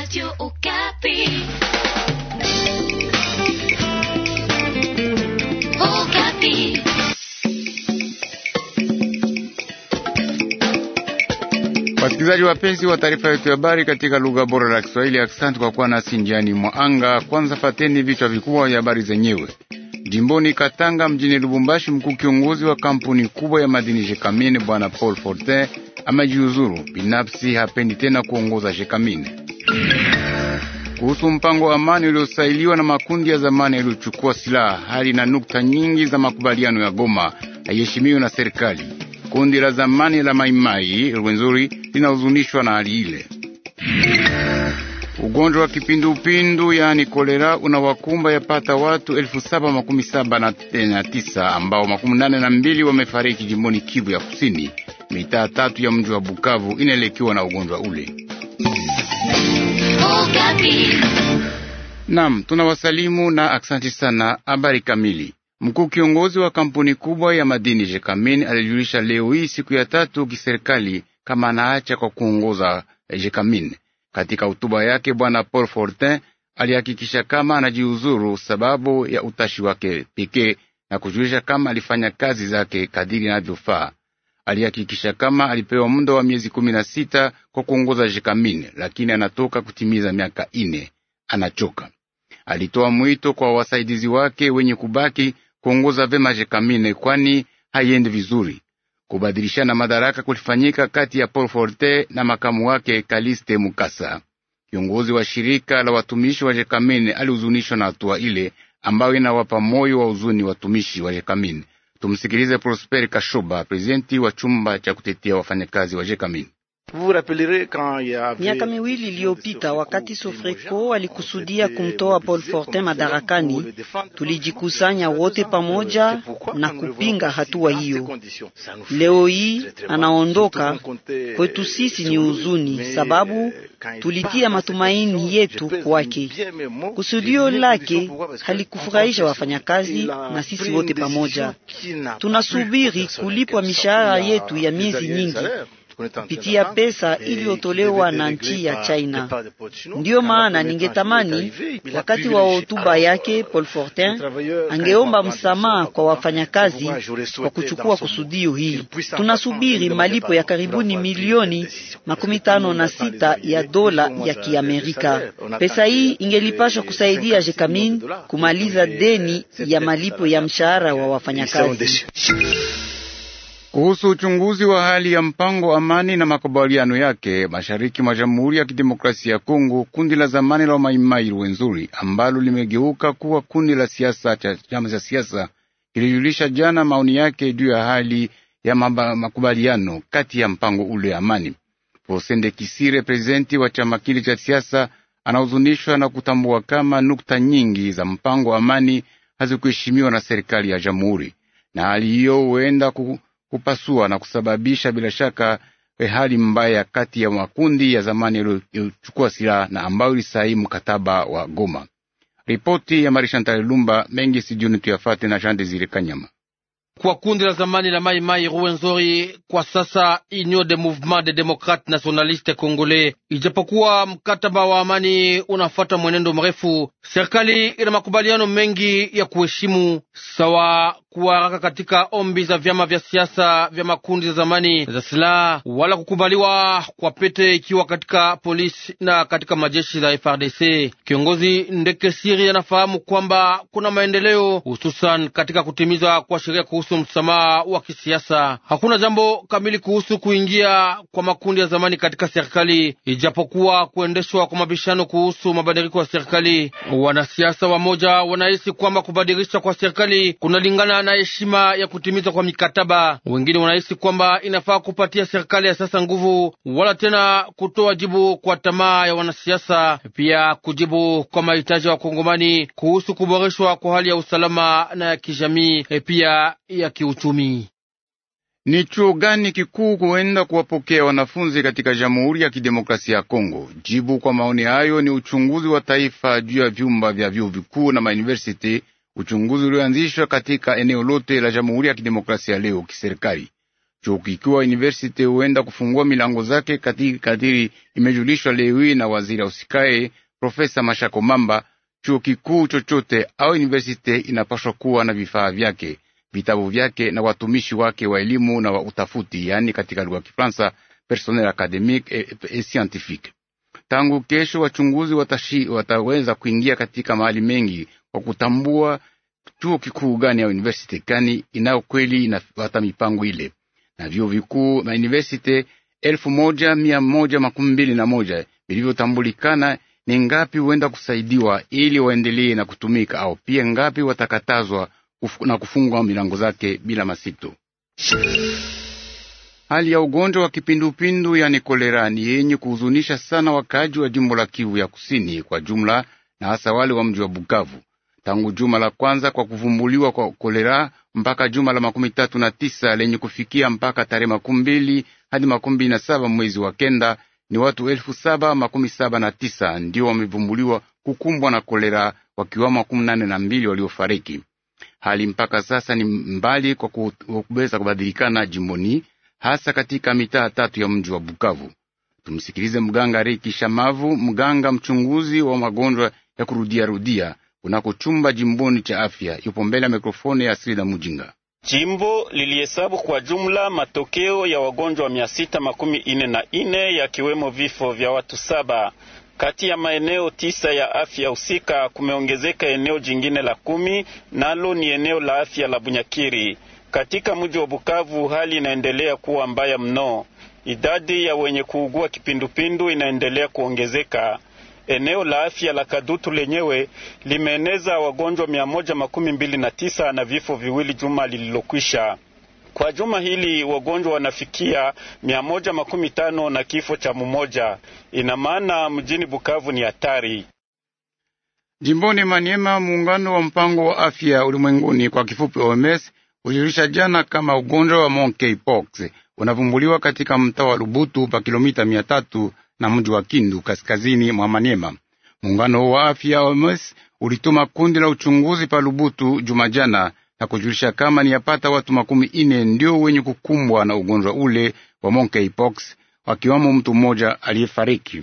Radio Okapi. Okapi. Wasikilizaji wapenzi wa taarifa yetu ya habari katika lugha bora la Kiswahili, asante kwa kuwa nasi njiani mwa anga. Kwanza fateni vichwa vikubwa vya habari zenyewe. Jimboni Katanga mjini Lubumbashi, mkuu kiongozi wa kampuni kubwa ya madini Jekamine bwana Paul Fortin amejiuzuru. Binafsi hapendi tena kuongoza Jekamine kuhusu mpango wa amani uliosailiwa na makundi ya zamani yaliyochukua silaha. Hali na nukta nyingi za makubaliano ya Goma haiheshimiwi na serikali. Kundi la zamani la Maimai Rwenzori linahuzunishwa na hali ile. Ugonjwa wa kipindupindu yaani kolera unawakumba yapata watu elfu saba makumi saba na tisa ambao makumi nane na mbili wamefariki jimboni Kivu ya Kusini. Mitaa tatu ya mji wa Bukavu inaelekewa na ugonjwa ule. Naam, tunawasalimu na aksanti sana. Habari kamili. Mkuu kiongozi wa kampuni kubwa ya madini Jekamin alijulisha leo hii siku ya tatu kiserikali kama anaacha kwa kuongoza Jekamin. Katika hotuba yake, bwana Paul Fortin alihakikisha kama anajiuzuru sababu ya utashi wake pekee na kujulisha kama alifanya kazi zake kadiri inavyofaa. Alihakikisha kama alipewa muda wa miezi kumi na sita kwa kuongoza Jekamine, lakini anatoka kutimiza miaka ine, anachoka. Alitoa mwito kwa wasaidizi wake wenye kubaki kuongoza vema Jekamine, kwani haiendi vizuri. Kubadilishana madaraka kulifanyika kati ya Paul Forte na makamu wake Kaliste Mukasa. Kiongozi wa shirika la watumishi wa Jekamine alihuzunishwa na hatua ile ambayo inawapa moyo wa huzuni watumishi wa Jekamine. Tumsikilize Prosperi Kashoba, prezidenti wa chumba cha kutetea wafanyakazi wa Jekami. Vous vous rappellerez quand il y avait miaka miwili iliyopita, wakati Sofreko alikusudia kumtoa Paul Fortin madarakani, tulijikusanya wote pamoja na kupinga hatua hiyo. Leo hii anaondoka euh, kwetu, sisi ni huzuni, euh, sababu tulitia matumaini yetu kwake. Kusudio lake halikufurahisha wafanyakazi na sisi wote pamoja tunasubiri kulipwa mishahara yetu ya miezi nyingi kupitia pesa iliyotolewa eh, na nchi ya China. Ndiyo maana ningetamani wakati wa hotuba yake euh, Paul Fortin angeomba msamaha kwa wafanyakazi kwa kuchukua kusudio hii. Tunasubiri malipo ya karibuni milioni makumi tano na sita ya dola ya Kiamerika. Pesa hii ingelipashwa kusaidia Jekamin kumaliza deni euh, ya malipo ya mshahara wa wafanyakazi kuhusu uchunguzi wa hali ya mpango amani na makubaliano yake mashariki mwa Jamhuri ya Kidemokrasia ya Kongo, kundi la zamani la Maimai Rwenzuri ambalo limegeuka kuwa kundi la siasa cha chama cha siasa kilijulisha jana maoni yake juu ya hali ya makubaliano kati ya mpango ule amani. Posende Kisire, prezidenti wa chama kile cha siasa, anahuzunishwa na kutambua kama nukta nyingi za mpango amani hazikuheshimiwa na serikali ya jamhuri, na hali hiyo huenda ku kupasua na kusababisha bila shaka eh, hali mbaya kati ya makundi ya zamani yaliyochukua silaha na ambayo ilisaini mkataba wa Goma. Ripoti ya Marishantale Lumba mengi sijuni tuyafate na Jean Desire Kanyama. Kwa kundi la zamani la Maimai Ruwenzori kwa sasa Union de Mouvement de Democrate Nationaliste Congolais. Ijapokuwa mkataba wa amani unafata mwenendo mrefu, serikali ina makubaliano mengi ya kuheshimu, sawa kuwa haraka katika ombi za vyama vya siasa vya makundi za zamani za silaha, wala kukubaliwa kwa pete ikiwa katika polisi na katika majeshi za FRDC. Kiongozi Ndeke Siri anafahamu kwamba kuna maendeleo hususan katika kutimiza kwa sheria kuhusu msamaha wa kisiasa. Hakuna jambo kamili kuhusu kuingia kwa makundi ya zamani katika serikali, ijapokuwa kuendeshwa kwa mabishano kuhusu mabadiliko ya serikali. Wanasiasa wamoja wanahisi kwamba kubadilisha kwa serikali kunalingana na heshima ya kutimizwa kwa mikataba, wengine wanahisi kwamba inafaa kupatia serikali ya sasa nguvu, wala tena kutoa jibu kwa tamaa ya wanasiasa, pia kujibu kwa mahitaji ya wakongomani kuhusu kuboreshwa kwa hali ya usalama na ya kijamii, eh, pia ya kiuchumi. Ni chuo gani kikuu kuenda kuwapokea wanafunzi katika Jamhuri ya Kidemokrasia ya Kongo? Jibu kwa maoni hayo ni uchunguzi wa taifa juu ya vyumba vya vyuo vikuu na mauniversity, uchunguzi ulioanzishwa katika eneo lote la Jamhuri ya Kidemokrasia leo kiserikali. Chuo wa university huenda kufungua milango zake katika kadiri imejulishwa leo hii na waziri wa usikae Profesa Mashako Mamba. Chuo kikuu chochote au university inapaswa kuwa na vifaa vyake vitabu vyake na watumishi wake wa elimu na wa utafuti, yaani katika lugha ya Kifaransa personnel academique et, et, scientifique. Tangu kesho wachunguzi watashi, wataweza kuingia katika mahali mengi kwa kutambua chuo kikuu gani ya university gani inayo kweli inafuata mipango ile, na vyuo vikuu na university elfu moja mia moja makumi mbili na moja vilivyotambulikana ni ngapi huenda kusaidiwa ili waendelee na kutumika, au pia ngapi watakatazwa na kufungwa milango zake bila masito. Hali ya ugonjwa wa kipindupindu yani kolera ni yenye kuhuzunisha sana wakaaji wa jimbo la Kivu ya Kusini kwa jumla na hasa wale wa mji wa Bukavu. Tangu juma la kwanza kwa kuvumbuliwa kwa kolera mpaka juma la makumi tatu na tisa lenye kufikia mpaka tarehe makumi mbili hadi makumi mbili na saba mwezi wa kenda, ni watu elfu saba makumi saba na tisa ndio wamevumbuliwa kukumbwa na kolera, wakiwamo makumi nane na mbili waliofariki. Hali mpaka sasa ni mbali kwa kuweza kubadilikana jimboni, hasa katika mitaa tatu ya mji wa Bukavu. Tumsikilize mganga Riki Shamavu, mganga mchunguzi wa magonjwa ya kurudia rudia kunako chumba jimboni cha afya. Yupo mbele ya mikrofoni ya Asrida Mujinga. Jimbo lilihesabu kwa jumla matokeo ya wagonjwa mia sita makumi ine na ine yakiwemo vifo vya watu saba. Kati ya maeneo tisa ya afya husika kumeongezeka eneo jingine la kumi, nalo ni eneo la afya la Bunyakiri. Katika mji wa Bukavu hali inaendelea kuwa mbaya mno. Idadi ya wenye kuugua kipindupindu inaendelea kuongezeka. Eneo la afya la Kadutu lenyewe limeeneza wagonjwa mia moja makumi mbili na tisa na vifo viwili juma lililokwisha. Kwa juma hili wagonjwa wanafikia mia moja makumi tano na kifo cha mmoja. Ina maana mjini Bukavu ni hatari. Jimboni Maniema, muungano wa mpango wa afya ulimwenguni kwa kifupi OMS ulijulisha jana kama ugonjwa wa monkeypox unavumbuliwa katika mtaa wa Lubutu pa kilomita mia tatu na mji wa Kindu kaskazini mwa Maniema. Muungano wa afya OMS ulituma kundi la uchunguzi pa Lubutu jumajana jana na kujulisha kama ni yapata watu makumi ine ndio wenye kukumbwa na ugonjwa ule wa monkeypox, wakiwamo mtu mmoja aliyefariki.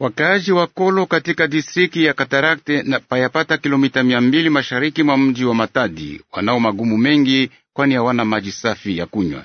Wakaaji wa Kolo katika distriki ya Katarakte na payapata kilomita mia mbili mashariki mwa mji wa Matadi wanao magumu mengi, kwani hawana maji safi ya kunywa.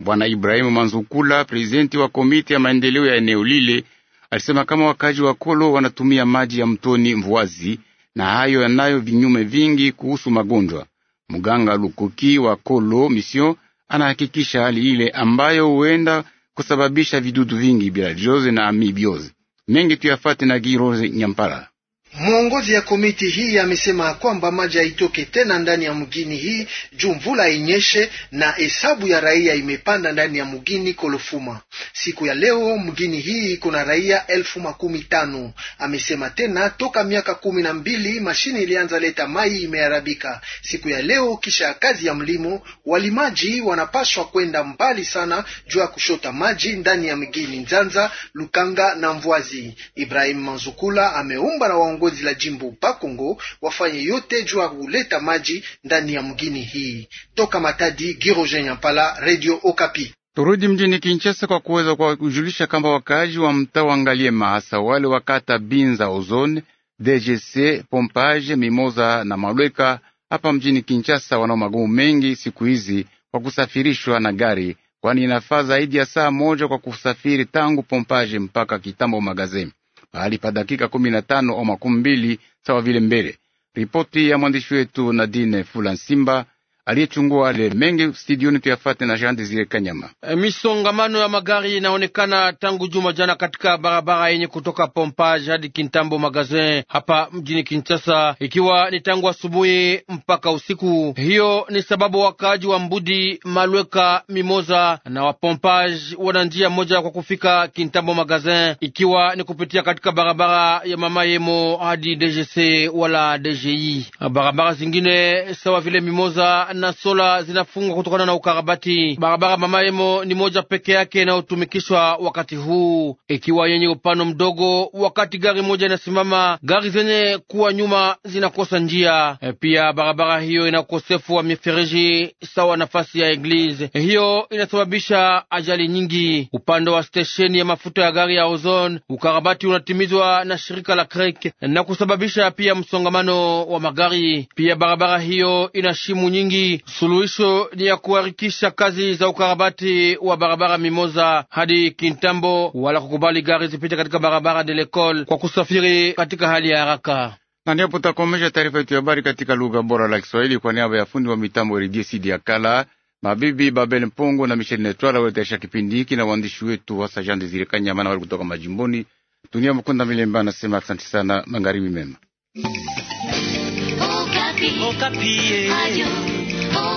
Bwana Ibrahimu Manzukula, prezidenti wa komiti ya maendeleo ya eneo lile, alisema kama wakaaji wa Kolo wanatumia maji ya mtoni Mvuazi na hayo yanayo vinyume vingi kuhusu magonjwa. Mganga Lukoki wa Kolo misio anahakikisha hali ile ambayo huenda kusababisha vidudu vingi bila joze na amibiozi mengi tuyafate na Giroze Nyampala. Mwongozi ya komiti hii amesema kwamba maji haitoke tena ndani ya mgini hii juu mvula inyeshe, na hesabu ya raia imepanda ndani ya mgini Kolofuma. Siku ya leo mgini hii iko na raia elfu makumi tano. Amesema tena toka miaka kumi na mbili mashini ilianza leta mai imeharabika. Siku ya leo kisha kazi ya mlimo, walimaji wanapaswa kwenda mbali sana juu ya kushota maji ndani ya mgini Nzanza, Lukanga na Mvwazi. Ibrahim Manzukula ameumba na viongozi la jimbo Bakongo wafanye yote juu ya kuleta maji ndani ya mgini hii. Toka Matadi, Giroje Nyampala, Radio Okapi. Turudi mjini Kinshasa kwa kuweza kwa kujulisha kamba wakaaji wa mtaa wa Ngaliema hasa wale wakata Binza, Ozone, DGC, Pompage, Mimoza na Malweka hapa mjini Kinshasa wana magumu mengi siku hizi kwa kusafirishwa na gari, kwani inafaa zaidi ya saa moja kwa kusafiri tangu Pompage mpaka Kitambo Magazini pahali pa dakika kumi na tano au makumi mbili sawa vile mbele. Ripoti ya mwandishi wetu Nadine Fulansimba aliyechungua ale mengi studioni tuyafate na Jean Desire Kanyama. E, misongamano ya magari inaonekana tangu juma jana katika barabara yenye kutoka Pompage hadi Kintambo Magazin hapa mjini Kinshasa, ikiwa ni tangu asubuhi mpaka usiku. Hiyo ni sababu wakaaji wa Mbudi, Malweka, Mimoza na wa Pompage wana njia moja kwa kufika Kintambo Magazin, ikiwa ni kupitia katika barabara ya Mama Yemo hadi DGC wala DGI. Barabara zingine sawa vile Mimoza na sola zinafungwa kutokana na ukarabati. Barabara mamayemo ni moja peke yake inayotumikishwa wakati huu, ikiwa yenye upano mdogo. Wakati gari moja inasimama, gari zenye kuwa nyuma zinakosa njia. E, pia barabara hiyo ina ukosefu wa mifereji sawa nafasi ya eglize, e, hiyo inasababisha ajali nyingi. Upande wa stesheni ya mafuta ya gari ya Ozon, ukarabati unatimizwa na shirika la Krek na kusababisha pia msongamano wa magari. Pia barabara hiyo ina shimu nyingi Mashariki. Suluhisho ni ya kuharikisha kazi za ukarabati wa barabara Mimoza hadi Kintambo, wala kukubali gari zipite katika barabara de l'Ecole kwa kusafiri katika hali ya haraka. Na ndipo takomesha taarifa yetu ya habari katika lugha bora la Kiswahili kwa niaba ya fundi wa mitambo Redie Sidi Kala, mabibi Babel Mpongo na Michel Netwala walitayarisha kipindi hiki na waandishi wetu hasa Jean Desire Kanyama na wale kutoka majimboni. Dunia Mkunda Milemba anasema asante sana, magharibi mema.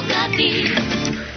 ¡Gracias!